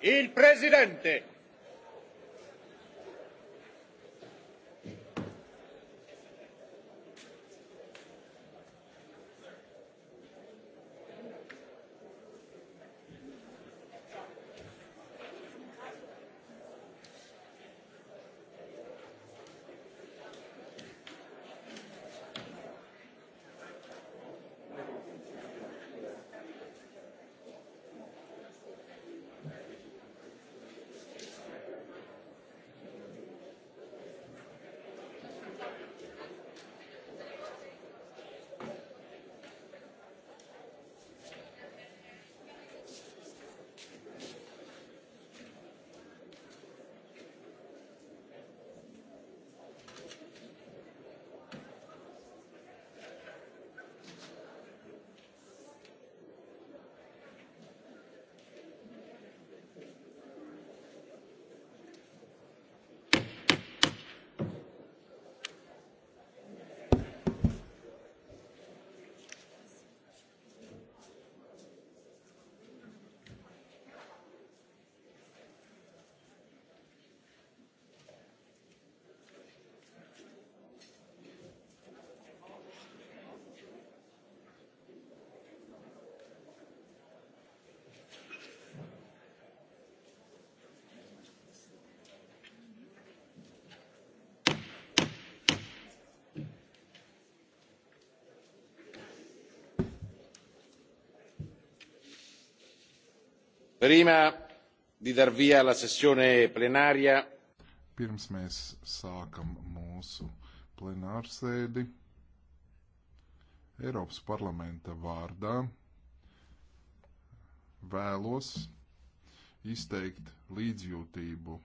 Il Presidente. Prima di dar via alla sessione plenaria. Pirms mēs sākam mūsu plenārsēdi Eiropas parlamenta vārdā vēlos izteikt līdzjūtību